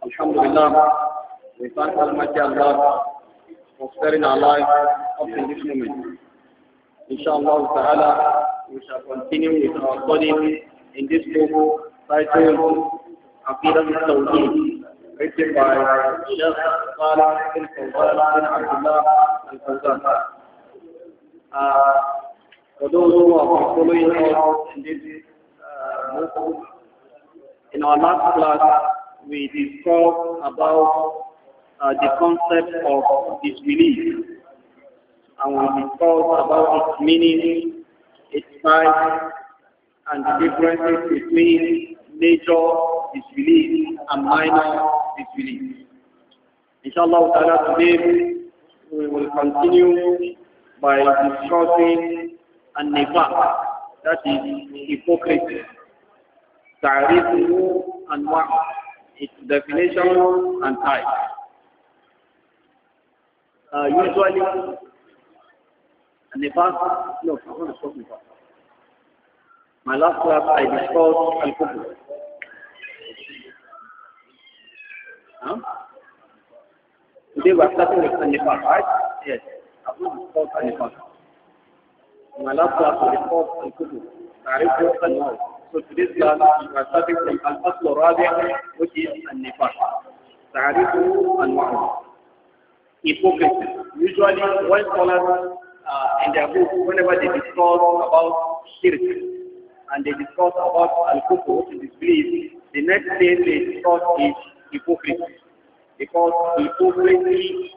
Alhamdulillah, we thank Almighty Allah for sparing our life up to this moment. Inshallah ta'ala, we shall continue with our study in this book titled Aqidah al written by Sheikh Salih bin Fawzan bin Abdullah al-Fawzan. Uh, for those who are following us in this uh, in our last class, we discussed about uh, the concept of disbelief and we discuss about its meaning, its size, and the differences between major disbelief and minor disbelief. Inshallah today we will continue by discussing an nifaq, that is hypocrisy, تعريفه أنواعه its definition and type. Uh, usually, the past, no, I want to stop Nifas. My last class, I discussed al Huh? Today we are starting with Nifas, right? Yes, I want to discuss Nifas. My last class, I discussed al I discussed al-Mawt. So today's class, we are starting from Al-Aslu which is Hypocrisy. Usually, when scholars uh, in their books, whenever they discuss about shirk, and they discuss about al-kufr, which is disbelief, the next thing they discuss is hypocrisy. Because hypocrisy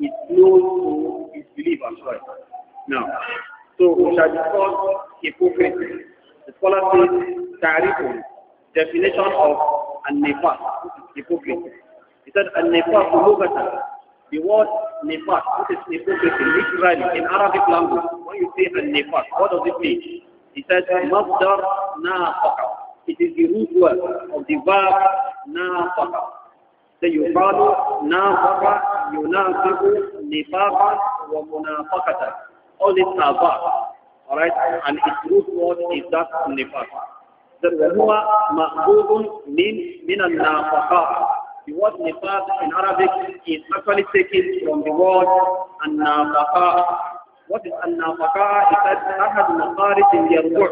is close to disbelief as well. Now, so we shall discuss hypocrisy. The scholar says, Ta'rifun, definition of an-nifaq, hypocrisy. He said, an-nifaq lugatan, the word nifaq, which is hypocrisy, literally, in Arabic language, when you say an-nifaq, what does it mean? He said, masdar nafaqa. It is the root word of the verb nafaqa. So you follow nafaqa, yunafiqu, nifaqa, wa munafaqatan. All these are verbs. Alright? And its root word is that nifas. The huwa ma'budun min min al-nafaqah. The word nifaq in Arabic is actually taken from the word an-nafaqah. What is an-nafaqah? It says, أحد in يرجع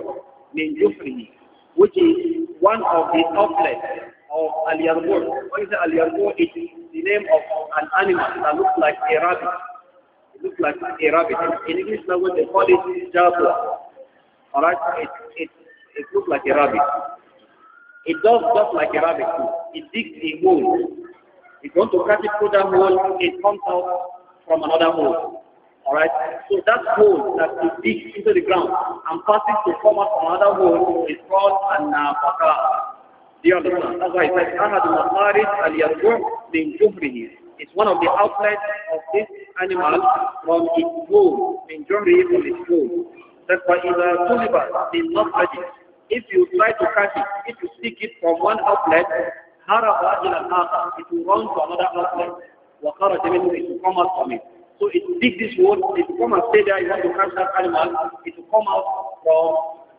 من جفره. Which is one of the outlets of al-yarbu'. What is al-yarbu'? It's the name of an animal that looks like a rabbit look like a rabbit. In English language, they call it jaguar. All right, it it it looks like a rabbit. It does just like a rabbit. It digs a hole. It want to catch it through that hole, it comes out from another hole. All right. So that hole that it digs into the ground and passes to come out from another hole is called an nafaka. Do you understand? That's why it says, "Ahad al-Masarid al-Yadruh min Juhrihi." It's one of the outlets of this animal from its food, in from its food. That's why uh, in a tulipa, catch it. if you try to catch it, if you stick it from one outlet, haraba ila it will run to another outlet. Wa kharaja minhu, it will come out from it. So it dig this hole, it will come and stay there, you want to catch that animal, it will come out from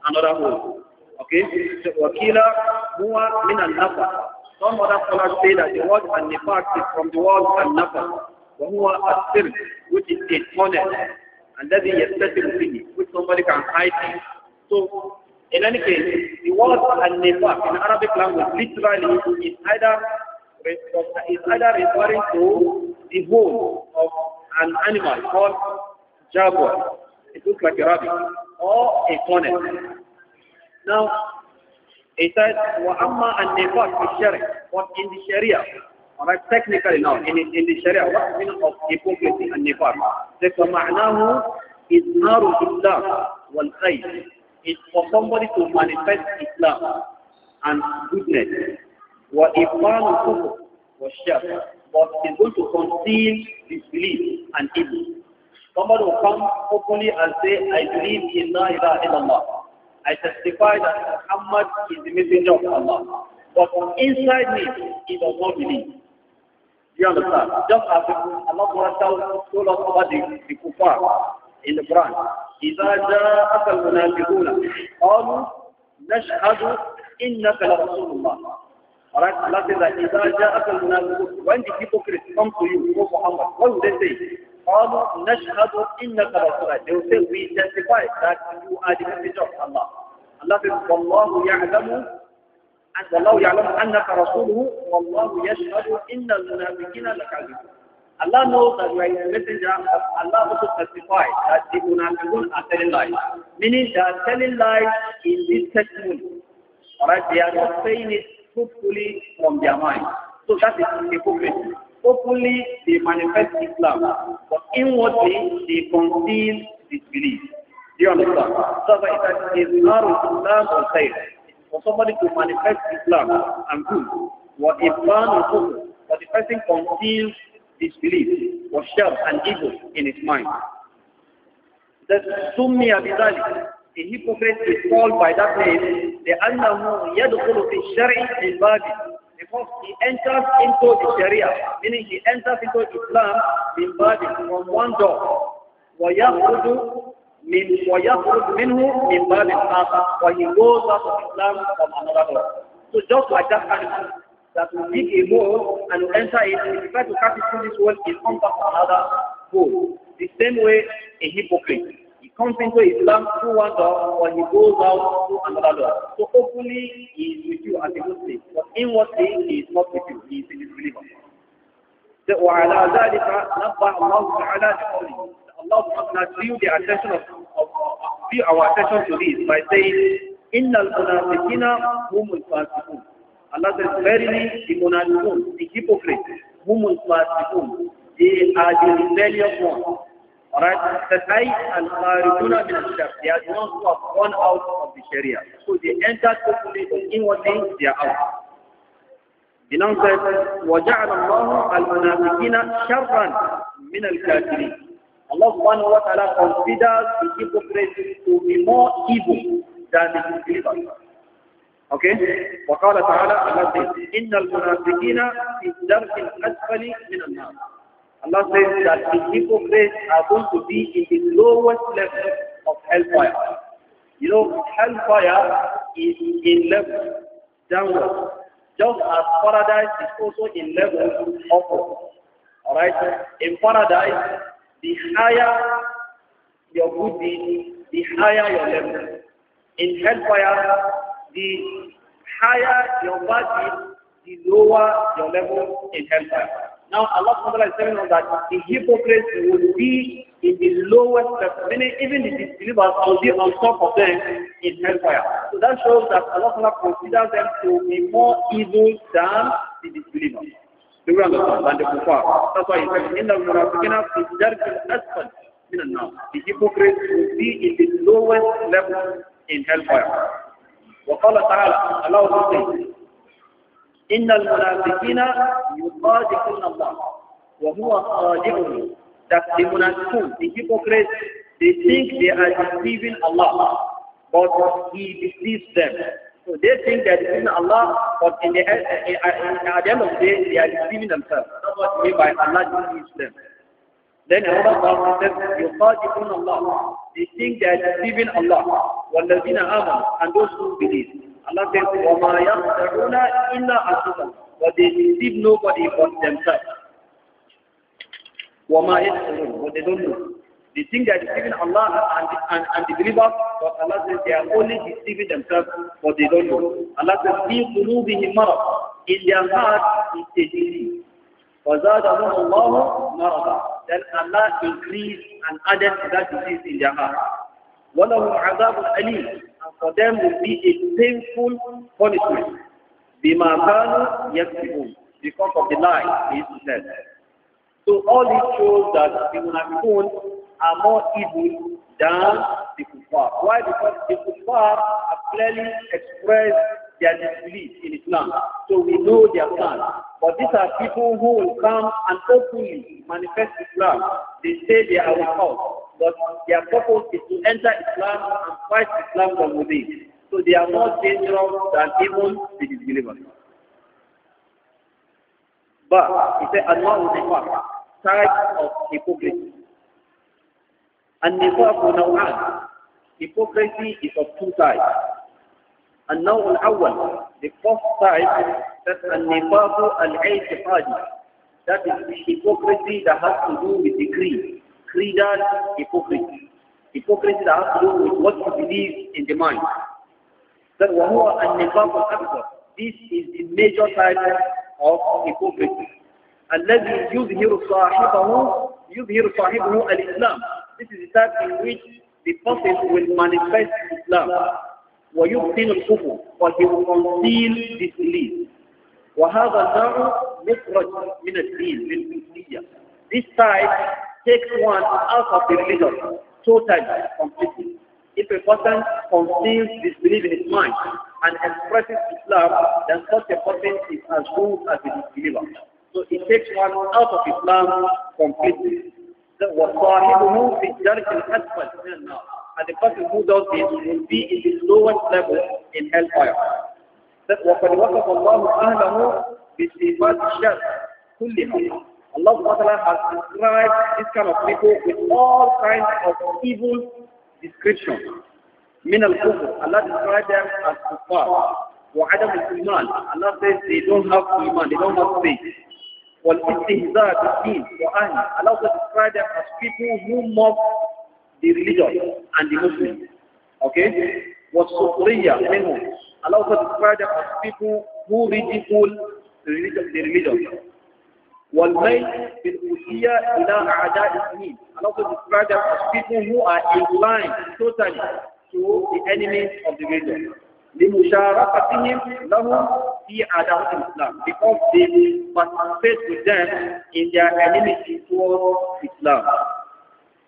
another hole. Okay? So a huwa min al Some other scholars say that the word the nifaq is from the word al-nafa. وهو السر which is a tunnel الذي يستتر فيه which somebody can hide in. So in any case, the word al-nifaq in Arabic language literally is either is either referring to the home of an animal called jaguar. It looks like a rabbit or a tunnel. Now, it says, وَأَمَّا النِّفَاقِ فِي الشَّرِعِ But in the Sharia, Alright, technically now, in, in the Sharia, what is the meaning of hypocrisy and nifaq? The فَمَعْنَاهُ إِذْنَارُ الْإِسْلَامِ وَالْخَيْرِ It's for somebody to manifest Islam and goodness. وَإِبْطَانُ الْكُفْرِ وَالشَّرِ But he's going to conceal disbelief and evil. Somebody will come openly and say, I believe in La ilaha illallah. I testify that Muhammad is the messenger of Allah. But inside me, he does not believe. You understand? Just as Allah SWT told us about the, the kuffar in the Quran. إِذَا جَاءَكَ الْمُنَافِقُونَ قَالُوا نَشْهَدُ إِنَّكَ لَرَسُولُ اللَّهِ Alright, Allah says that إِذَا جَاءَكَ الْمُنَافِقُونَ When the hypocrites come to you, O Muhammad, what will they say? قالوا نشهد إنك رسول الله they will say we testify that you are the messenger of Allah Allah says والله يعلم والله يعلم أنك رسوله والله يشهد إن المنافقين لكاذبون Allah knows that you are his messenger, but Allah also testifies that the Munafiqun are telling lies. Meaning they are telling lies in this testimony. Alright, they are not saying it truthfully from their mind. So that is hypocrisy. Hopefully they manifest Islam, but inwardly they conceal disbelief. Do you understand? So that is Islam Islam or Sayyid for somebody to manifest Islam and good, were a plan of hope, but the person conceals disbelief, or shell and evil in his mind. That Summi Abidali, the hypocrite is called by that name, the Annahu Yadukulu fi Shari al Babi, because he enters into the Sharia, meaning he enters into Islam in Babi from one door min وَيَخْرُجْ minhu مِنْ بَابِ الْآخَرِ Or he goes out of Islam from another door. So just like that animal that will dig a hole and will enter it, if you try to cut it through this world, in contact with to another hole. The same way a hypocrite. He comes into Islam through one door, or he goes out through another door. So hopefully he is with you as a Muslim, but inwardly he is not with you, he is a disbeliever. وعلى ذلك نبع الله تعالى بقوله must view the attention of, of view our attention to this by saying, "Inna al-munafiqina humul fasiqun." Allah says, "Verily, the munafiqun, the hypocrites, humul fasiqun, they are the rebellious ones." All right, that I and Kharijuna bin Shaf, they are the ones who have gone out of the Sharia. So they entered openly, but inwardly they are out. He now says, وَجَعَلَ اللَّهُ الْمُنَافِقِينَ شَرًّا مِنَ الْكَافِرِينَ Allah subhanahu wa ta'ala considers the hypocrite to be more evil than the disbelievers. Okay? وقال تعالى Allah says, إن المنافقين في الدرك الأسفل من النار. Allah says that the hypocrites are going to be in the lowest level of hellfire. You know, hellfire is in level downward. Just as paradise is also in level upward. Alright? In paradise, the higher your good deed, the higher your level. In hellfire, the higher your bad deed, the lower your level in hellfire. Now Allah subhanahu is telling us that the hypocrites will be in the lowest level, meaning even the disbelievers will be on top of them in hellfire. So that shows that Allah considers them to be more evil than the disbelievers. دورا لله عند الكفار that's why إن المنافقين في الدرك الأسفل من النار the hypocrites will be in the lowest level in hellfire وقال تعالى الله تعالى إن المنافقين يصادقون الله وهو صادقهم that the munafiqun the hypocrites they think they are deceiving Allah but he deceives them So they think that in Allah, but in the, in, at the end of the day, they are deceiving themselves. That's what mean by Allah deceiving them. Then Allah Ta'ala says, يُخَادِقُونَ Allah. They think they are deceiving Allah. وَالَّذِينَ آمَنُوا And those who believe. Allah says, وَمَا يَخْدَعُونَ إِلَّا أَنفُسَهُمْ But they deceive nobody but themselves. وَمَا يَخْدَعُونَ But they don't know. They think they are deceiving Allah and, and, and the believers, but Allah says they are only deceiving themselves, but they don't know. Allah says, "Fi qulubihim In their heart is a disease. فَزَادَهُمُ اللَّهُ مَرَضًا Then Allah increased and added to that disease in their heart. وَلَهُمْ عَذَابٌ And for them will be a painful punishment. Because of the lie he said. So all this shows that the Munafiqun are more evil than the kuffar. Why? Because the kuffar have clearly expressed their disbelief in Islam. So we know their plan. But these are people who will come and openly manifest Islam. They say they are with but their purpose is to enter Islam and fight Islam from within. So they are more dangerous than even the disbelievers. But it's an Allah type of hypocrisy. النفاق نوعان Hypocrisy is of two types. النوع الأول The first type that's النفاق الاعتقادي That is hypocrisy that has to do with the creed. Creedal hypocrisy. Hypocrisy that has to do with what you believe in the mind. That وهو النفاق الأكبر This is the major type of hypocrisy. الذي يظهر صاحبه يظهر صاحبه الإسلام this is the time in which the Prophet will manifest his Islam. but he will conceal disbelief وهذا النوع مخرج من الدين للكلية This type takes one out of the religion totally, completely. If a person conceals belief in his mind and expresses his love, then such a person is as good as a disbeliever. So it takes one out of Islam completely. وصاحبه في الدرك الأسفل من النار and the person who does this will be in the lowest level in hellfire. وقد وصف الله أهله بصفات الشر كلها. Allah Ta'ala has described this kind of people with all kinds of evil description. من الكفر Allah described them as kuffar. وعدم الإيمان Allah says they don't have إيمان. they don't have faith. والاستهزاء بالدين وأهل us also describe them as people who mock the religion and the Muslims. Okay? والسخرية منهم us also describe them as people who ridicule the religion. The religion. والميل بالوصية إلى أعداء الدين Allah also describe them as people who are inclined totally to the enemies of the religion. لمشاركتهم لهم في عداوة Islam because they participate with them in their enmity towards Islam.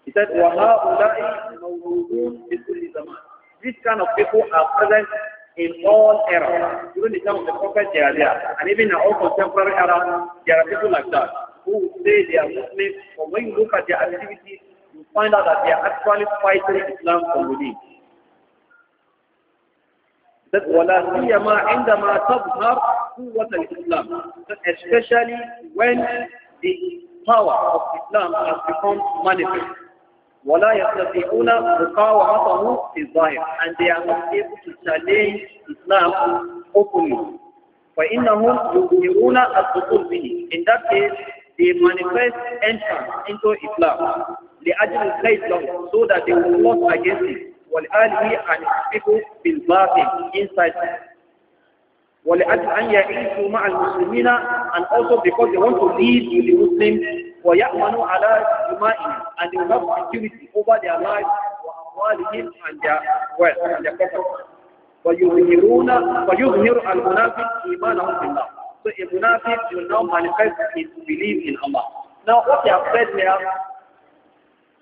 He said, وَهَؤُلَاءِ مَوْرُودُونَ بِكُلِّ زَمَانٍ These kind of people are present in all eras. Even the time of the Prophet, they are there. And even in our contemporary era, there are people like that who say they are Muslims, but when you look at their activities, you find out that they are actually fighting Islam from within that wala عندما تظهر قوة الإسلام especially when the power of Islam has become manifest ولا يستطيعون مقاومته في الظاهر and they are not able to challenge Islam openly فإنهم يظهرون الدخول به in that case they manifest entrance into Islam لأجل الخير لهم so that they will fight against it ولآله أن يحققوا inside ولأجل أن يعيشوا مع المسلمين and also because they want to lead with the Muslims ويأمنوا على and they will security over their lives وأموالهم and their wealth and their property ويظهرون ويظهر المنافق إيمانهم بالله So a munafiq will now manifest his belief in Allah. Now what they have said here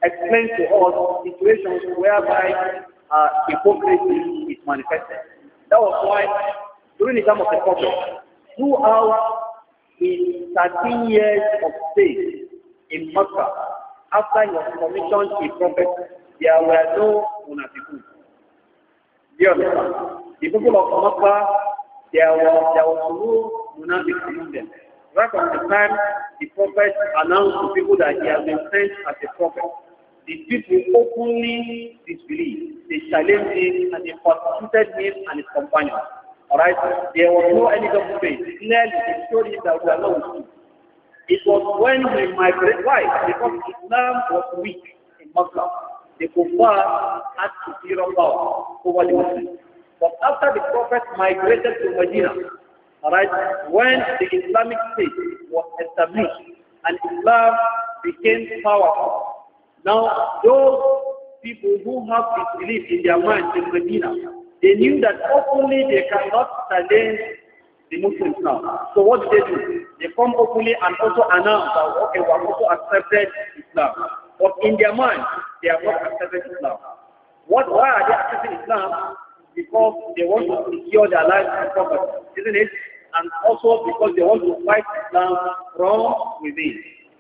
explain to us situations whereby uh, hypocrisy is manifested. That was why during the time of the Prophet, throughout his 13 years of stay in Makkah, after he was commissioned a prophet, there were no munafiqun. You understand? The people of Makkah, there was, there was no munafiq among them. Right from the time the prophet announced to people that he has been sent as a prophet, the people openly disbelieved. They challenged him and they persecuted him and his companions. Alright? There was no element of faith. Clearly, they showed him that we are not with It was when he migrated. Why? Because Islam was weak in Mecca. The Kufar had superior power over the Muslims. But after the Prophet migrated to Medina, alright, when the Islamic state was established and Islam became powerful, now, those people who have this belief in their minds in Medina, they knew that openly they cannot challenge the Muslims now. So what do they do? They come openly and also announce that, okay, we have also accepted Islam. But in their mind, they have not accepted Islam. What, why are they accepting Islam? Because they want to secure their lives and property, isn't it? And also because they want to fight Islam from within.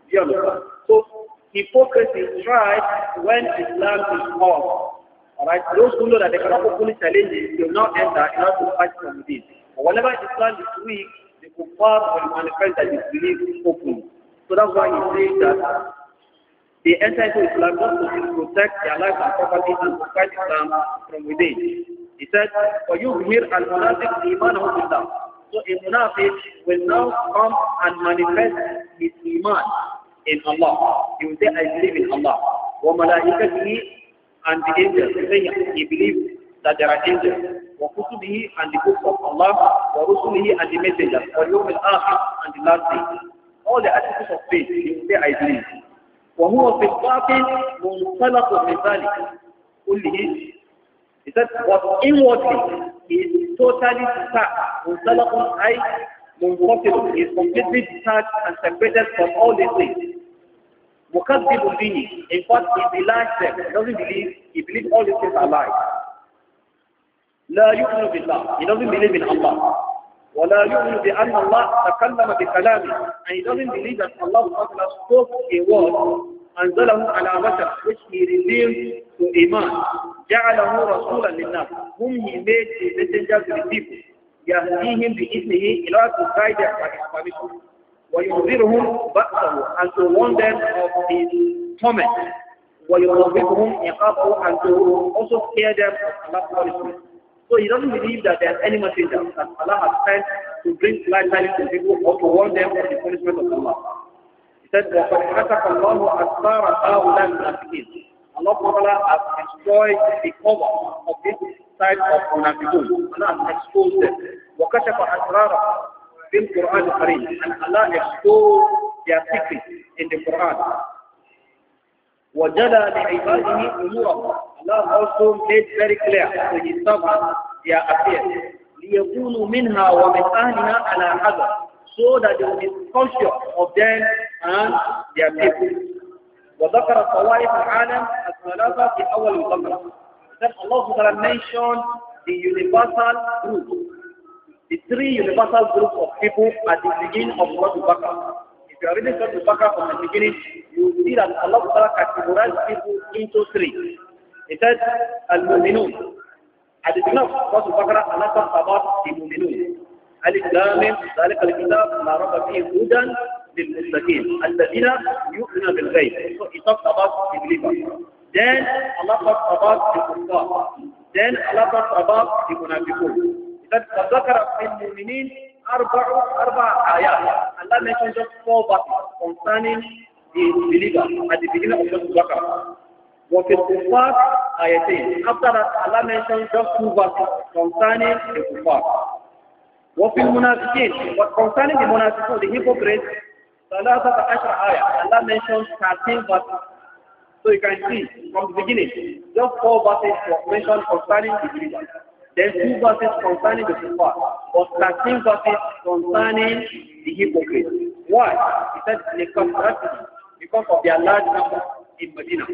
Do you So Hypocrisy thrives when Islam is off. Alright, those who know that they cannot openly challenge it will not enter in order to fight from this. But whenever Islam is weak, the kuffar will manifest that disbelief openly. So that's why he says that they enter into Islam not to protect their life and property and to fight Islam from within. He said, For you hear al munafiq iman Islam. So a munafiq will now come and manifest his iman in Allah. He will say, I believe in Allah. and the angels. He say, he believes that there are angels. and the books of Allah. and the messengers. and the last day. All the attributes of faith, he will say, I believe. وَهُوَ فِي الْبَاطِنِ مُنْطَلَقٌ مِنْ ذَلِكَ He said, what inwardly is totally detached. مُنْطَلَقٌ أي منفصل is completely detached and separated from all these things because people bihi. In fact, he belies them. He doesn't believe. He believes all these things are lies. لا يؤمن بالله. He doesn't believe in Allah. ولا يؤمن بأن الله تكلم بكلامه. And he doesn't believe that Allah spoke a word أنزله على بشر which he revealed to a man جعله رسولا للناس whom he made a messenger to the people يهديهم بإذنه in order to guide them by his permission بأسه and to warn them of his torment and to also scare them of Allah's punishment. So he doesn't believe that there is any messenger that Allah has sent to bring light to people or to warn them of the punishment of Allah. He said, وَقَدْ حَتَكَ اللَّهُ أَسْتَارَ هَؤُلَاءِ الْمُنَافِقِينَ Allah Ta'ala has destroyed the cover of this type of Munafiqun. Allah has exposed them. وَكَشَفَ أَسْرَارَهُ this Quran is Kareem, and Allah exposed their secrets in the Quran. وَجَلَى لِعِبَادِهِ أُمُورَهُ Allah also made very clear to his servants their affairs. لِيَكُونُوا مِنْهَا وَمِنْ أَهْلِهَا عَلَى حَذَرٍ So that they will be conscious of them and their people. وذكر طوائف العالم الثلاثة في أول البقرة. Then Allah mentioned the universal group the three universal groups of people at the beginning of Surah al If you are reading Surah al from the beginning, you will see that Allah Ta'ala categorized people into three. He said, Al-Mu'minun. At the beginning of Surah al Allah talks about the Mu'minun. al-Kitab, ذلك الكتاب Hudan, bil فيه Al-Tadina, الذين bil بالغيب. So he talks about the believers. Then Allah talks about the kuffar. Then Allah talks about the munafiqun. ذكر في المؤمنين أربع أربع آيات Allah mentions just four verses concerning the believer at the beginning of Surah Al-Baqarah. وفي الكفار آيتين after that Allah mentions just two verses concerning the kuffar. وفي المنافقين but concerning the munafiqun the hypocrites ثلاثة عشر آية Allah mentions 13 verses so you can see from the beginning just four verses were mentioned concerning the believers. Then two verses concerning the kuffar, or 13 verses concerning the hypocrites. Why? He said, because of their large number in Medina.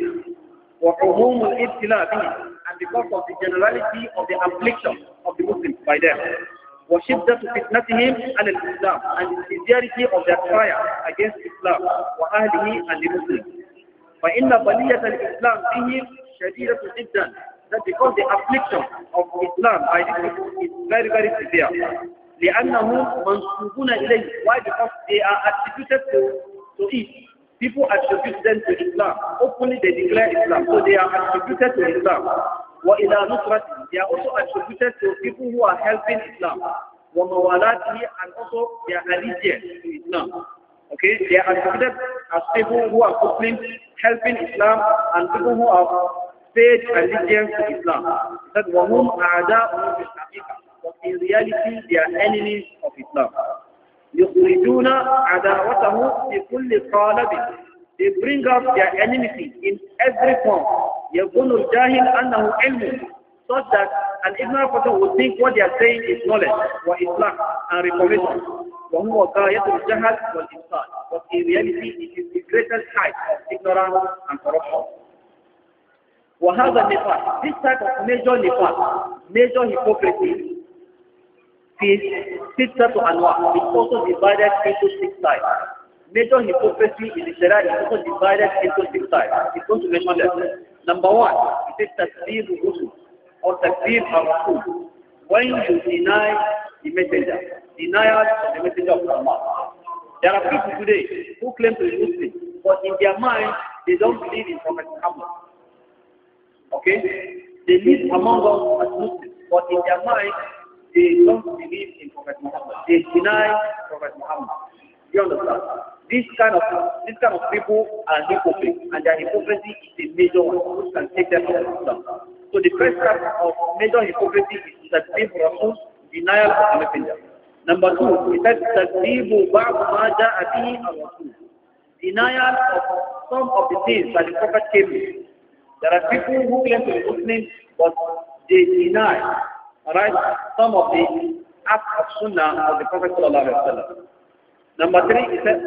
وعموم الابتلاء به and because of the generality of the affliction of the Muslims by them. وشدة فتنتهم على الإسلام and Islam, and the severity of their trial against Islam وأهله and the Muslims. فإن بلية الإسلام بهم شديدة جدا that because the affliction of Islam by the people is very, very severe. لأنهم منصوبون إليه. Why? Because they are attributed to, to it. People attribute them to Islam. Openly they declare Islam. So they are attributed to Islam. وإلى نصرته. They are also attributed to people who are helping Islam. وموالاته and also their allegiance to Islam. Okay? They are attributed as people who are helping Islam, and people who are Say allegiance to Islam. That But in reality, they are enemies of Islam. يُخْرِجُونَ They bring up their enmity in every form. يَكُنُ الْجَاهِلْ أَنَّهُ عِلْمٌ Such that an ignorant person would think what they are saying is knowledge, or Islam, and reformation. وهو الجهل But in reality, it is the greatest type of ignorance and corruption. وهذا نفاق this type of major نفاق major hypocrisy is ستة anwar is also divided into six types major hypocrisy in the Sharia is also divided into six types it's going to mention that number one it is tasbih rusul or tasbih al-rasul when you deny the messenger denial of the messenger of Allah there are people today who claim to be Muslim but in their mind they don't believe in Prophet Muhammad Okay? They live among us as Muslims, but in their mind, they don't believe in Prophet Muhammad. They deny Prophet Muhammad. You understand? This kind of this kind of people are hypocrites, and their hypocrisy is a major one which can take them out of Islam. So the first type of major hypocrisy is that people Rasul denial of messenger. Number two, it says تكذيب بعض Denial of some of the things that the Prophet came with. There are people who claim to be Muslim, but they deny, alright, some of the acts of Sunnah of the Prophet Number three, is says,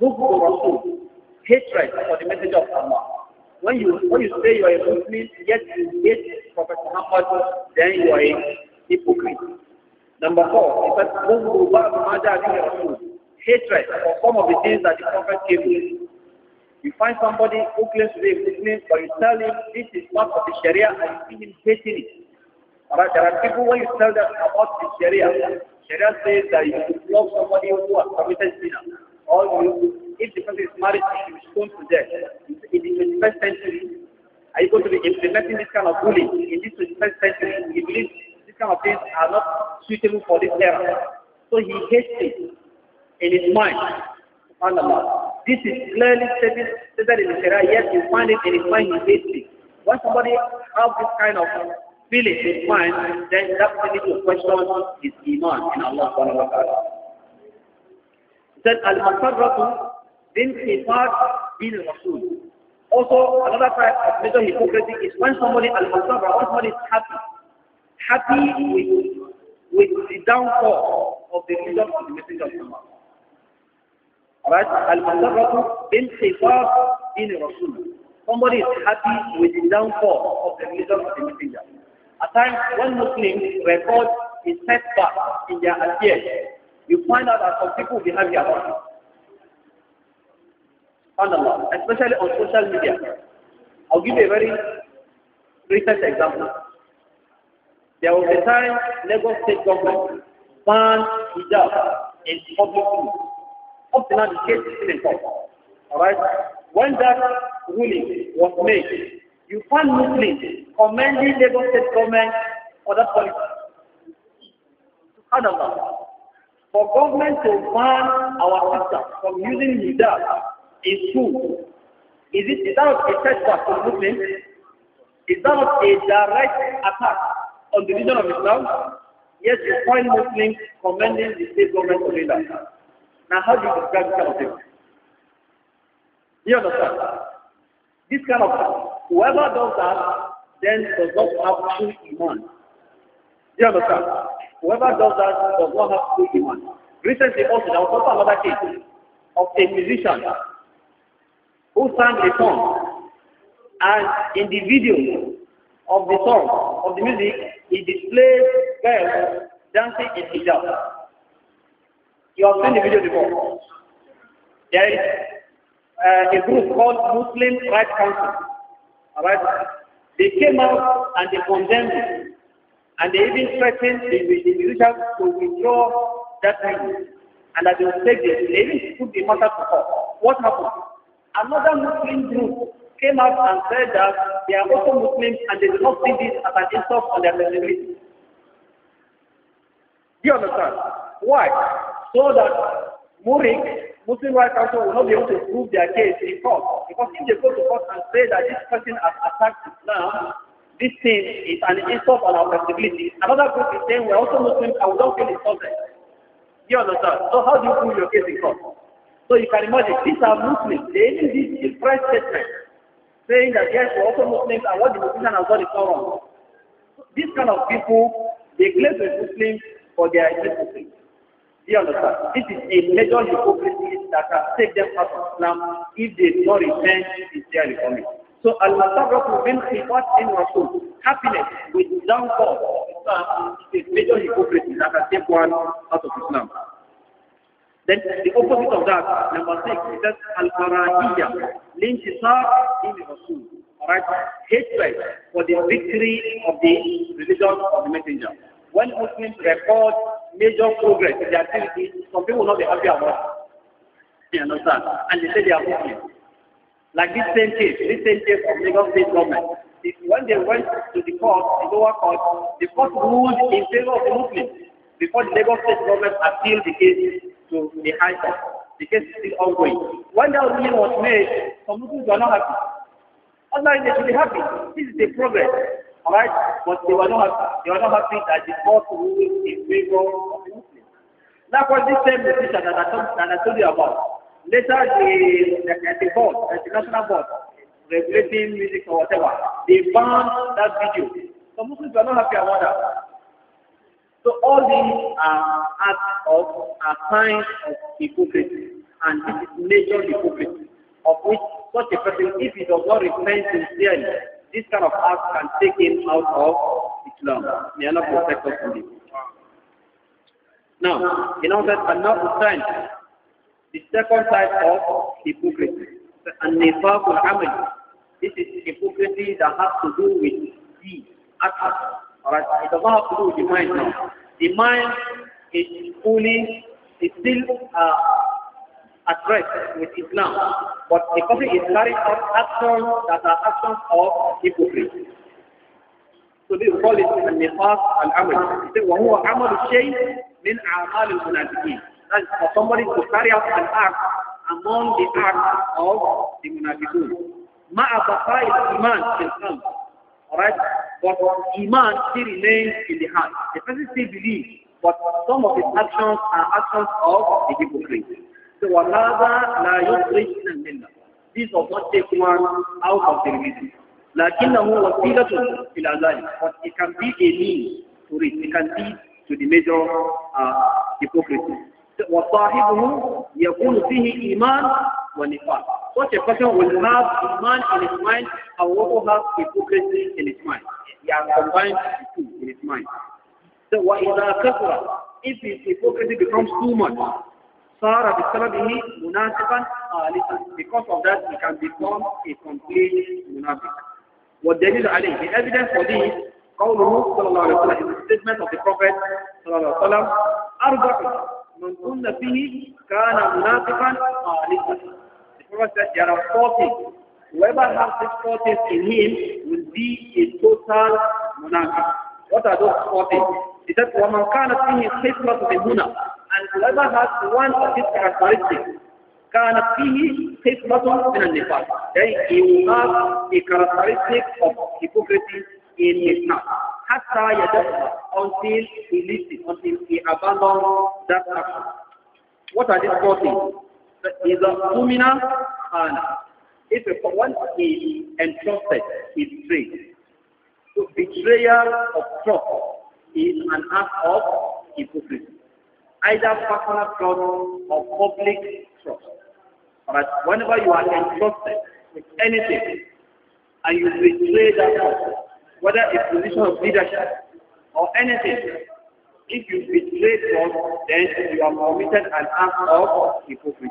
Bukh Rasul, hatred for the message of Allah. When you, when you say you are a Muslim, yet you hate Prophet Muhammad, then you are a hypocrite. Number four, it says, Bukh Rasul, hatred for some of the things that the Prophet gave you. You find somebody who claims to be a Muslim, but you tell him this is part of the Sharia and you see him hating it. Alright, there are people when you tell them about the Sharia, Sharia says that you should love somebody who has committed sin. Or you, if the person is married, you should stone to death. In the 21st century, are you going to be implementing this kind of ruling in this 21st century? He believes these kind of things are not suitable for this era. So he hates it in his mind. This is clearly stated, in the Sharia, yet you find it in his mind, he hates it. When somebody has this kind of feeling in his mind, then that's the need to question his iman in Allah subhanahu wa ta'ala. Then al-masarratu bin sifat bin rasul. Also, another type of major hypocrisy is when somebody al-masarra, when somebody is happy, happy with, with the downfall of the religion of the messenger of Allah. Right? Al-Masarratu bin Khifar bin Rasul. Somebody is happy with the downfall of the religion of the messenger. At times, when Muslims record a setback in their affairs, you find out that some people behave happy about it. SubhanAllah, especially on social media. I'll give you a very recent example. There was a time Lagos state government banned hijab in public schools. Up to now, case is still in court. Alright? When that ruling was made, you find Muslims commending Lagos State government for that policy. Subhanallah. For government to ban our sister from using hijab in school, is, it, is that not a setback for Muslims? Is that not a direct attack on the religion of Islam? Yes, you find Muslims commending the state government for that. Now, how do you describe this kind of thing? You understand? This kind of whoever does that, then does not have true iman. You understand? Whoever does that does not have true iman. Recently, also there was also another case of a musician who sang a song, and in the video of the song of the music, he displayed girls dancing in hijab you have seen the video before. There is uh, a group called Muslim Rights Council. All right? They came out and they condemned it. And they even threatened the, the musicians to withdraw that video. And that they will take this, they even put the matter to court. What happened? Another Muslim group came out and said that they are also Muslims and they do not see this as an insult on their religion. Do you understand? Why? so that Murik, Muslim Rights Council will not be able to prove their case in court. Because if they go to court and say that this person has attacked Islam, this thing is an insult on our credibility. Another group is saying we're also Muslims and we don't feel insulted. You understand? So how do you prove your case in court? So you can imagine, these are Muslims. They even did press statement saying that yes, we're also Muslims and what the Muslims has done is not wrong. So these kind of people, they claim to be Muslims, for their are You This is a major hypocrisy that can take them out of Islam if they do not repent sincerely their it. So Al-Masabrak bin Khifat in Rasul, happiness with downfall of Islam is a major hypocrisy that can take one out of Islam. Then the opposite of that, number six, it says Al-Farahiyya, Lintisar in Rasul. right? Hatred for the victory of the religion of the messenger. when Muslims record major progress in their activities, some people will not be happy about it. You understand? And they say they are Muslims. Like this same case, this same case of Lagos State government. If when they went to the court, the lower court, the court ruled in favor of the Muslims before the Lagos State government appealed the case to the High Court. The case is still ongoing. When that ruling was made, some Muslims were not happy. Otherwise, they should be happy. This is the progress. right, But they were not, they were not happy that the court ruled in favor of the Muslims. That same decision that I told, that I told you about. Later, the, the, the board, the national board, regulating music or whatever, they banned that video. So Muslims were not happy about that. So all these are acts of, are signs of hypocrisy. And this is major hypocrisy, of which such a person, if he does not repent sincerely, This kind of act can take him out of Islam. May Allah protect us from it. Now, in order to another sign, the second type of hypocrisy, and nifaqul amal. This is hypocrisy that has to do with the action. Alright, it does not have to do with the mind now. The mind is fully, still uh, at rest with Islam, but the person is carrying out actions that are actions of hypocrisy. So this call is al-nifaq al-amal. He said, وَهُوَ عَمَلُ الشَّيْءِ مِنْ أَعْمَالِ الْمُنَافِقِينَ That is for somebody to carry out an act among the acts of the munafiqun. مَعَ بَقَاءِ الْإِيمَانِ in Islam, Alright? But Iman still remains in the heart. The person still believes, but some of his actions are actions of the hypocrite. So وَهَذَا لَا يُخْرِجْ مِنَ الْمِلَّةِ This does not take one out of the religion. لَكِنَّهُ وَسِيلَةٌ إِلَى ذَلِكَ But it can be a means to it. It can lead to the major uh, hypocrisy. وَصَاحِبُهُ يَكُونُ فِيهِ إِيمَانٌ ونفاق. what a person will have iman in his mind and also have hypocrisy in his mind. He has combined the two in his mind. So what is a kafra? If his hypocrisy becomes too much, صار بسببه منافقا خالصا because of that he can become a complete منافق والدليل عليه the evidence for this قوله صلى الله عليه وسلم the statement of the prophet صلى الله عليه وسلم أربع من كنا فيه كان منافقا خالصا the prophet said there are four things whoever has these four things in him will be a total منافق what are those four things he said ومن كانت فيه خصلة من هنا and whoever has one of these characteristics, his فيه in من النفاق. Then he will have a characteristic of hypocrisy in his heart. hasta يدفع until he leaves it, until he abandons that action. What are these four things? a أمنا خان. If once is entrusted, his betrayed. So betrayal of trust is an act of hypocrisy either personal trust or public trust. But whenever you are entrusted with anything and you betray that trust, whether a position of leadership or anything, if you betray trust, then you are committed an act of hypocrisy.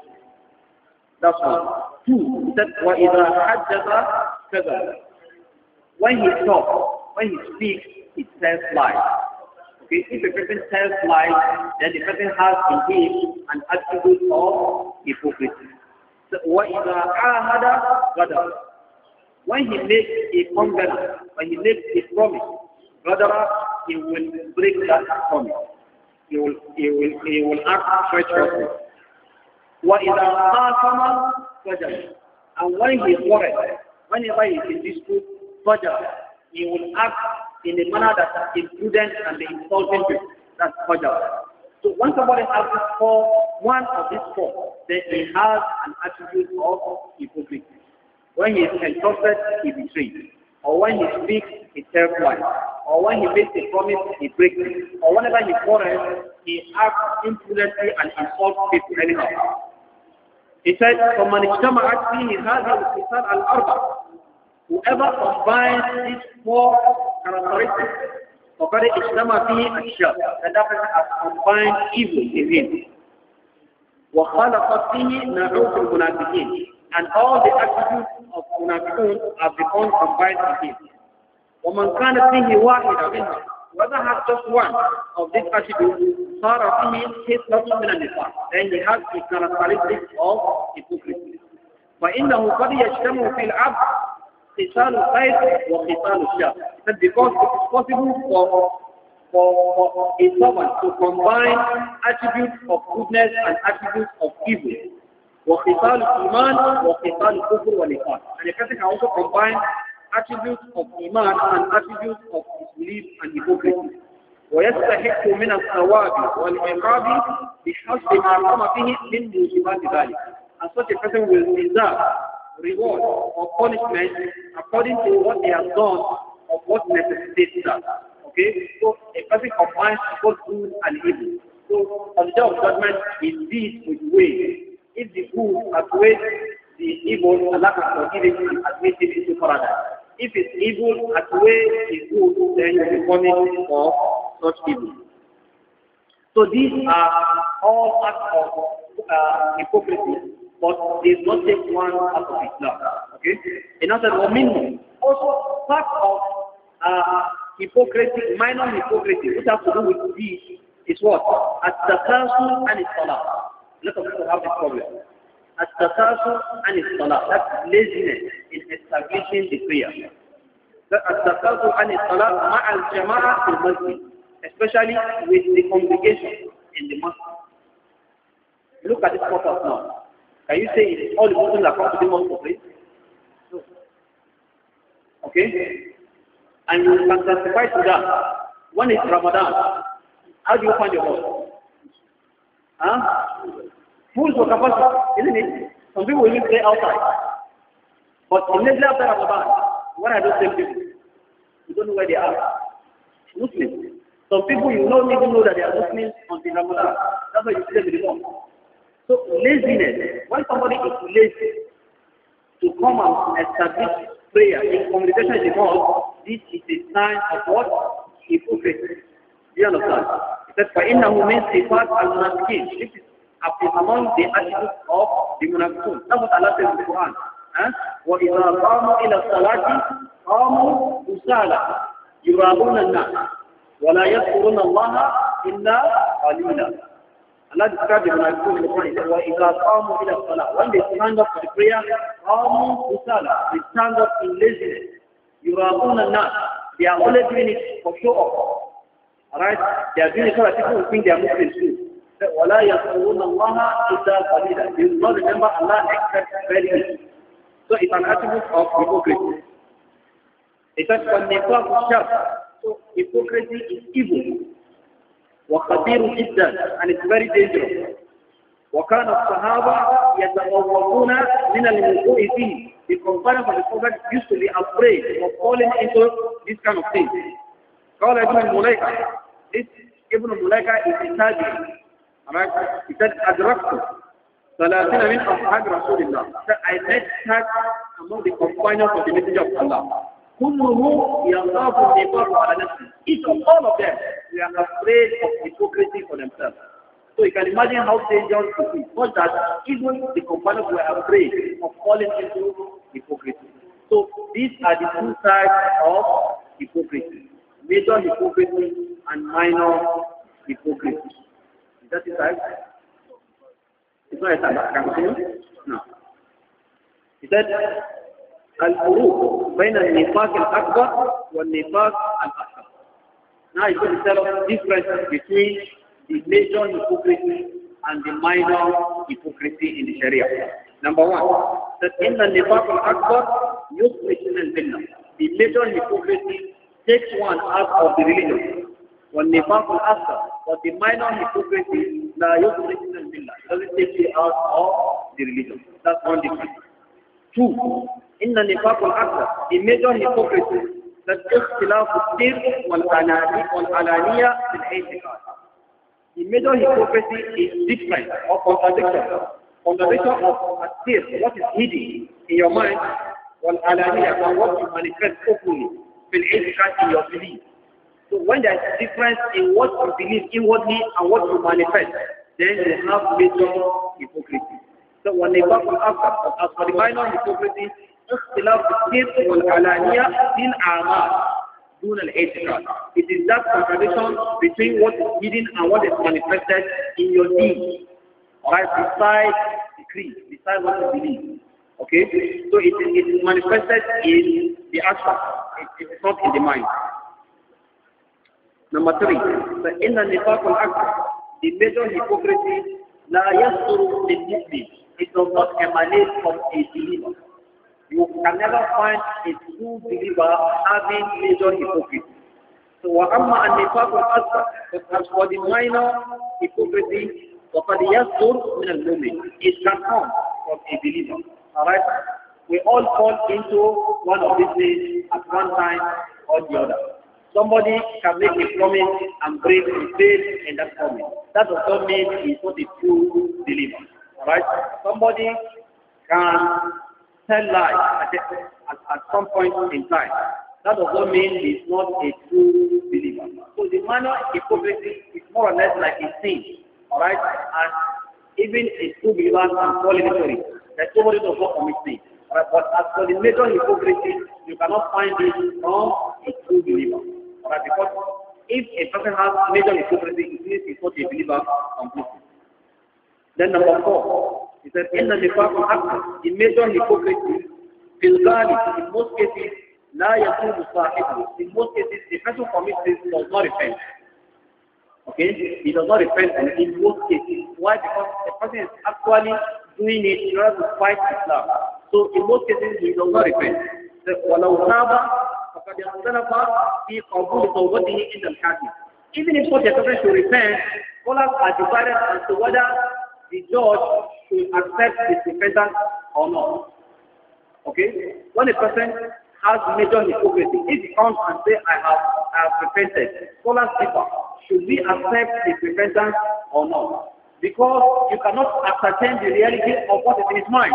That's one. Two, that وَإِذَا حَجَّةَ When he talks, when he speaks, he says lies if a person tells lies, then the person has in him an attribute of hypocrisy. So, وَإِذَا عَاهَدَ غَدَرَ When he makes a covenant, when he makes a promise, brother, he will break that promise. He will, he will, he will act treacherously. وَإِذَا خَاصَمَ فَجَرَ And when he quarrels, whenever he is in dispute, brother, he will act in a manner that is prudent and the insulting people. That's Hajjah. So when somebody has this form, one of these four, then he has an attribute of hypocrisy. When he is entrusted, he betrays. Or when he speaks, he lies. Or when he makes a promise, he breaks it. Or whenever he quarrels, he acts impudently and insults people anyhow. He said, فَمَنْ اجْتَمَعَتْ فِيهِ هَذَا الْخِصَالَ الْأَرْبَعَ Whoever combines these four characteristics, فقد اجتمع فيه الشر and that person has combined evil in him. and all the attributes of munafiqun have become combined in him. ومن منها whether has just one of these attributes صار فيه خصلة من النفاق then he has the characteristics of hypocrisy. فإنه قد يجتمع في العبد and because it is possible for for, for a human to combine attributes of goodness and attributes of evil. وخصال الإيمان وخصال And a person can also combine attributes of iman and attributes of disbelief and hypocrisy. ويستحق من الثواب والعقاب بحسب ما قام من موجبات ذلك. And such a person will deserve reward or punishment according to what they have done or what necessitates that. Okay? So a person combines both good and evil. So on the day of judgment, it deeds with way. If the good outweighs the evil, Allah can forgive it and admitted into paradise. If it's evil outweighs the good, then you will punished for such evil. So these are all acts of uh, hypocrisy but they don't take one out of Islam. Okay? In other words, also part of uh, hypocrisy, minor hypocrisy, which has to do with this is what? At-takasu the and salah. Let us have this problem. At-takasu the and salah. That's laziness in establishing the prayer. At-takasu and salah ma'al jama'a fil masjid. Especially with the congregation in the mosque. Look at this photo now. Can you say all the Muslims are come to the mosque to pray? Okay? And you can testify to that. When is Ramadan? How do you find your mosque? Huh? Full for capacity, isn't it? Some people will even pray outside. But immediately after Ramadan, what are those same people? You don't know where they are. Muslims. Some people you don't even know that they are Muslims until Ramadan. That's why you see them in the mosque. So laziness, when somebody is lazy to come and establish prayer in communication with God, this is a sign of what? Hypocrisy. Do you understand? That for It says, فَإِنَّهُ مِنْ صِفَاتِ الْمُنَافِقِينَ This is among the attributes of the munafiqun. That's what Allah says in the Quran. Eh? وَإِذَا قَامُوا إِلَى الصَّلَاةِ قَامُوا كُسَالَى يُرَاءُونَ النَّاسَ وَلَا يَذْكُرُونَ اللَّهَ إِلَّا قَلِيلًا Allah described it when I spoke in the morning. وَإِذَا قَامُوا When they stand up for the prayer, They stand up in laziness. You are on a nut. They are only doing it for show off. Alright? They are doing it so that people will think they are Muslims too. وَلَا يَذْكُرُونَ اللَّهَ إِلَّا قَلِيلًا They will not remember Allah except very little. So it's an attribute of hypocrisy. It says, وَالنِّفَاقُ الشَّرْ So hypocrisy is evil. وخطير جدا and it's very dangerous وكان الصحابة يتخوفون من الوقوع فيه the companions of the Prophet used to be afraid of falling into this kind of thing قال ابن الملائكة this ابن الملائكة is a he said أدركت ثلاثين من أصحاب رسول الله he said I met that among the companions of the Messenger of Allah Kulluhu all of them, they are afraid of hypocrisy for themselves. So you can imagine how dangerous it is, Not that even the companions were afraid of falling into hypocrisy. So these are the two sides of hypocrisy. Major hypocrisy and minor hypocrisy. Is that the type? It's not a side. Can you? No. Is that الفروق بين النفاق الأكبر والنفاق الأصغر. Now it's going to tell us the difference between the major hypocrisy and the minor hypocrisy in the Sharia. Number one, that in the nifaq al-akbar, yusbitun al-billah. The major hypocrisy takes one out of the religion. When nifaq al-akbar, but the minor hypocrisy, la yusbitun al the Doesn't take you out of the religion. That's one difference. Two, the nifaqul akbar, the major hypocrisy that ikhtilaf al-sir wal-alaniya fil The major hypocrisy is different or contradiction. Contradiction of a what is hidden in your mind, wal and what you manifest openly, fil-i'tiqad in your belief. So when there is difference in what you believe inwardly and what you manifest, then you have major hypocrisy. So when they come to after, as for the minor hypocrisy, اختلاف والعلانية في الأعمال دون الاعتقاد. It is that contradiction between what is hidden and what is manifested in your deed, right? besides the creed, besides what you believe. Okay? So it is, it is manifested in the action. It, it is not in the mind. Number three, the Nepal الأكبر The major hypocrisy لا يصدر للمسلم. It does not emanate from a believer. You can never find a true believer having major hypocrisy. So وَأَمَّا النِّفَاقُ الْأَكْبَرُ about as for the minor hypocrisy, وَقَدْ يَسْتُرْ مِنَ الْمُؤْمِنِ It can come from a believer. Alright? We all fall into one of these things at one time or the other. Somebody can make a promise and break the faith in that promise. That does not mean he's not a true believer. Alright? Somebody can tell lies at, at, at some point in time. That does not mean he's not a true believer. So the manner hypocrisy is more or less like a sin. Alright? And even a true believer can fall into it. That somebody does not commit sin. Right? But as for the major hypocrisy, you cannot find it from a true believer. Alright? Because if a person has major hypocrisy, it means he's not a believer completely. Then number four, he said, Inna nifaqun akbar, in major hypocrisy, fil in most cases, la yakubu sahibu. In most cases, the person commits this does not repent. Okay? He does not repent and in most cases. Why? Because the person is actually doing it in order to fight Islam. So in most cases, he does not repent. The So, وَلَوْ تَابَ فَقَدْ يَخْتَلَفَ فِي قَبُولِ تَوْبَتِهِ إِنَّ الْحَاكِمِ Even if such a person should repent, scholars are divided as to whether the judge should accept the defendant or not. Okay? When a person has major hypocrisy, if he comes and say, I have, I have repented, scholars differ. Should we accept the repentance or not? Because you cannot ascertain the reality of what is in his mind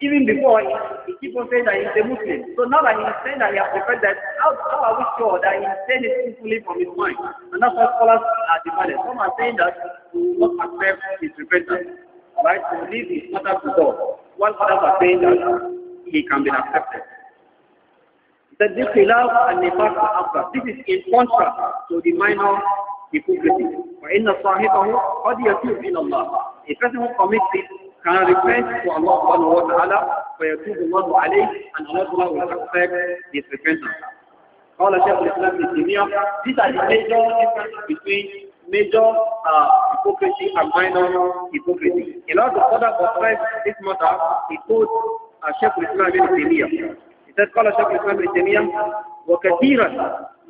even before he, he keep on saying that he's a Muslim. So now that he's saying that he has confessed that, how, how are we sure that he's saying it simply from his mind? And that's why scholars are divided. Some are saying that to not accept his repentance, right? To leave his matter to God. While others are saying that he can be accepted. That this love and nifaq are after. This is in contrast to the minor hypocrisy. فَإِنَّ صَاحِبَهُ قَدْ يَتُوبُ إِلَى اللَّهِ A person who commits this can repent to Allah subhanahu wa ta'ala, and Allah will accept his repentance. These are the major differences between major uh, hypocrisy and minor hypocrisy. In order to further this matter, he put uh, Sheikh الإسلام ابن He says, قال شيخ الإسلام ابن تيمية وكثيرا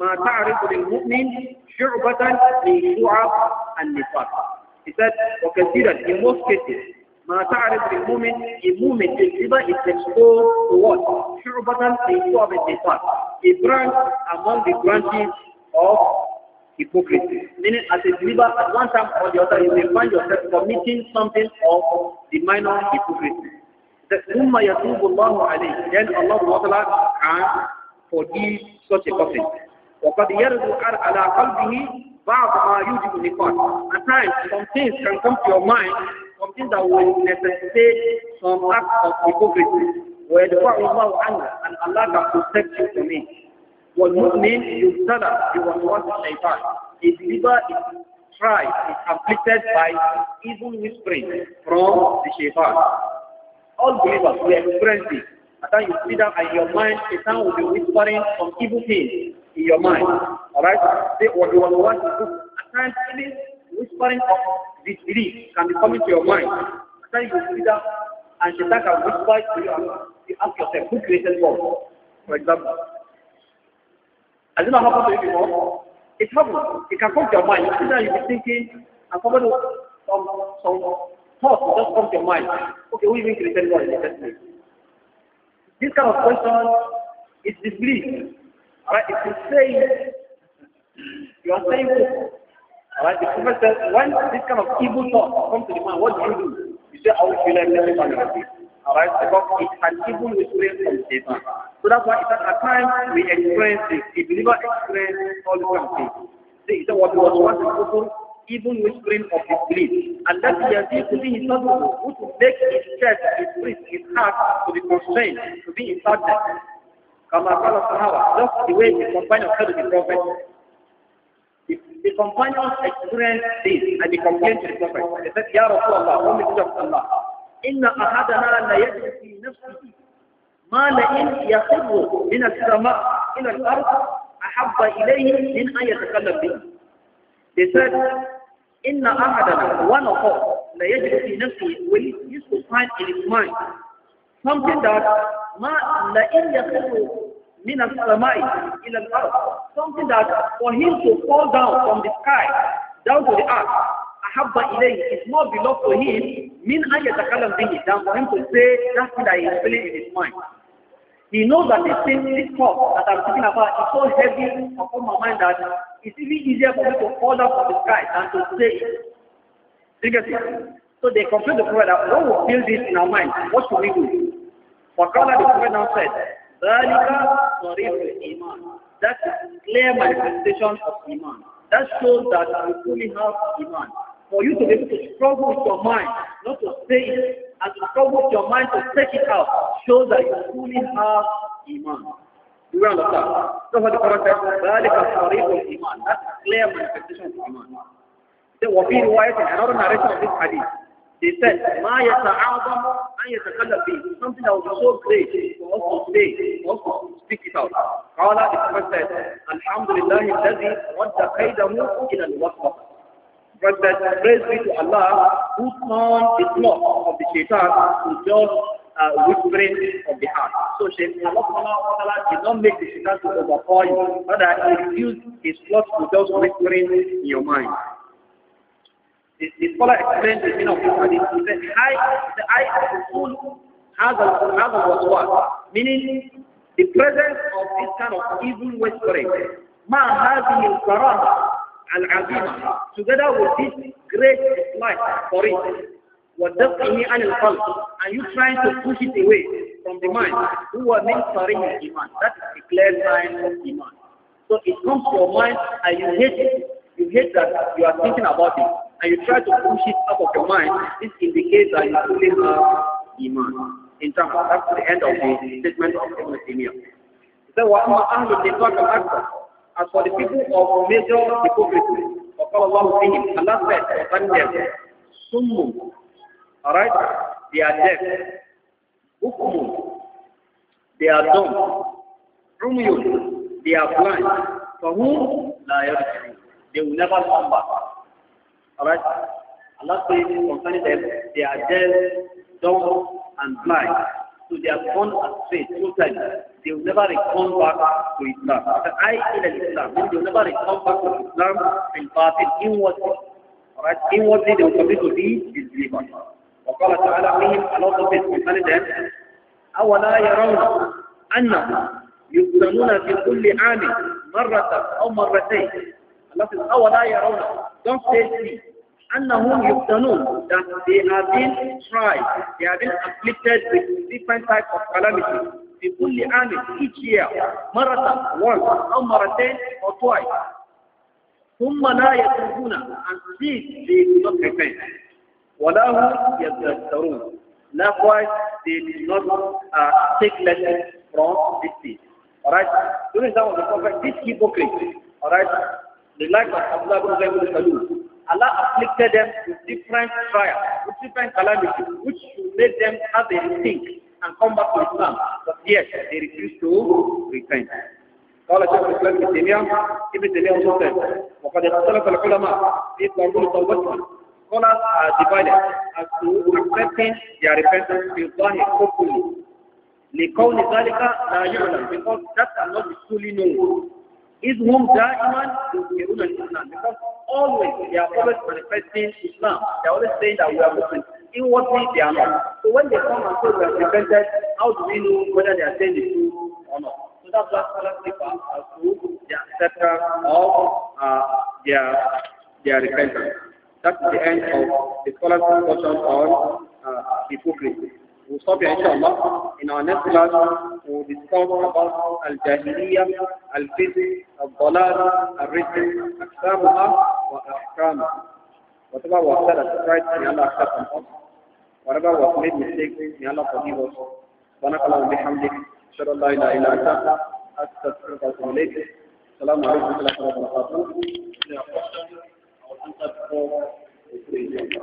ما تعرف للمؤمن شعبة من شعب النفاق. He said, وكثيرا in most cases ما a المؤمن a الربا is exposed to what? شعبة من شعب الشيطان a branch among the branches of hypocrisy. Meaning as a believer at one time or the other you may find yourself committing something of the minor hypocrisy. That umma, يتوب الله عليه then Allah Ta'ala can forgive such a person. وقد يرد على قلبه بعض ما يوجب النفاق. At times some things can come to your mind something that will necessitate some act of hypocrisy. Where ويدفع الله عنه And Allah can protect you from it. والمؤمن يبتلى بوسواس الشيطان. His liver is tried, is afflicted by evil whispering from the shaitan. All believers, we experience this. At times you sit down and your mind, Satan will be whispering some evil things in your mind. Alright? They will be one At times, whispering of belief can be coming to your mind. Sometimes you see that and Shaitan can whisper to you you ask yourself, who created God? For example. I don't know how happened to you before. It happens. It can come to your mind. You see that you'll be thinking and somebody some some thoughts will just come to your mind. Okay, who even created God in the first place? This kind of question is disbelief. Alright, it is saying you are saying Right, the Prophet says, when this kind of evil thought comes to the mind, what do you do? You say, I will kill everything on Alright, because it's an evil experience from Satan. So that's why it's at a time we experience it, A believer experience all these kind of things. See, so what was once evil, even whispering of belief? And that Yazid to be his husband, who to make his chest, his priest, his heart to be constrained, to be in sadness. Come, insulted. Kama Sahaba, just the way the companion said to the Prophet, the, companions experienced this and they complained to the Prophet. They said, Ya Rasulullah, O Messenger of Allah, Inna ahadana la yajri fi nafsihi ma la in yaqirru min al-sama' ila al-ard ahabba ilayhi min an yatakallam bihi. They said, Inna ahadana, one of us, la yajri fi nafsihi, will used to find in his mind something that ma la'in in min al salamai ila al ard something that for him to fall down from the sky down to the earth ahabba ilayhi is more beloved for him min an yatakallam bihi than for him to say that thing that he is feeling in his mind he knows that this thing, this talk that I'm speaking about is so heavy upon my mind that it's even easier for me to fall down from the sky than to say it. So they conclude the Prophet that when will feel this in our mind, what should we do? For God, the Prophet now said, Zalika Sariful Iman. That is clear manifestation of Iman. That shows that you truly have Iman. For you to be able to struggle with your mind, not to say it, and to struggle with your mind to take it out, shows that you truly have Iman. You understand? So for the Quran says, ذَلِكَ صَرِيْفُ الْإِيمَانِ That's clear manifestation of Iman. There will be رواية, another narration of this hadith, he said, Ma yata'adamu an yatakallam bi. Something that was so great for us to say, for us to speak it out. Qala, the Prophet said, he alladhi the qaydamu in al-wasfa. But that praise be to Allah who turned his flock of the shaitan to just uh, whispering of the heart. So Shaykh Allah did not make the shaitan to overpower you, rather he refused his flock to just whispering in your mind. The, the scholar explained the meaning of this hadith. He said, high, the the full has a, has a waswas, meaning the presence of this kind of evil whispering. Ma hadhihi al-karama al-azima, together with this great dislike for it, ودفعه عن القلب and you trying to push it away from the mind who are min sarih iman that is the clear sign of iman so it comes to your mind and you hate it you hate that you are thinking about it and you try to push it out of your mind, this indicates that you truly have iman. In terms of, that's the end of the statement of Ibn Taymiyyah. So, وَأَمَّا أَهْلُ As for the people of major hypocrisy, وَقَالَ اللَّهُ فِيهِمْ Allah said concerning them, سُمُّ Alright? They are deaf. بُكْمُ They are dumb. عُمْيٌ They are blind. For whom? They will never come back. Alright? Allah says concerning them, they are dead dumb, and blind. So they have gone astray totally. They will never return back to Islam. The eye in Islam, they will never return back to Islam and batin inwardly. Alright? Inwardly they will continue to be disbelievers. وقال تعالى فيهم الله says concerning them, أولا يرون أنهم يفتنون في كل عام مرة أو مرتين. الله says, أولا يرون. Don't say to me, annahum yuftanun, that they have been tried, they have been afflicted with different types of calamities. في كل عام each year مرة once أو مرتين or twice ثم لا يتوبون and still they do not repent ولا هم Likewise, they do not uh, take lessons from this thing. Alright? During the time the prophet, alright, the of Abdullah ibn Allah afflicted them with different trials, with different calamities, which made them have a rethink and come back to Islam. But yet they refused to repent. قال شيخ الاسلام ابن تيميه ابن تيميه وسلطان وقد اختلف العلماء في قبول توبتهم scholars are divided as to accepting their repentance في الظاهر hopefully لكون ذلك لا يعلم because that cannot be truly known إذ هم دائما يذكرون الإسلام because always they are always manifesting Islam. They always saying that we are Muslims. In what way they are not. So when they come and say we are prevented, how do we know whether they are saying the truth or not? So that's why scholars differ as to their acceptance of uh, their, their repentance. That's the end of the scholars' discussion on uh, hypocrisy. وصابع إن شاء الله إن نسلت وبالصبر بعض الجاهلية الفزي الضلال الرزق أقسامها وأحكامها وطبعا وأكثر أسفرائت من الله أكثر من أصل وربا وأكمل مستيك من الله قديم أصل سبحانك الله وبحمدك أشهد أن لا إله إلا أنت أستغفرك وأتوب السلام عليكم ورحمة الله وبركاته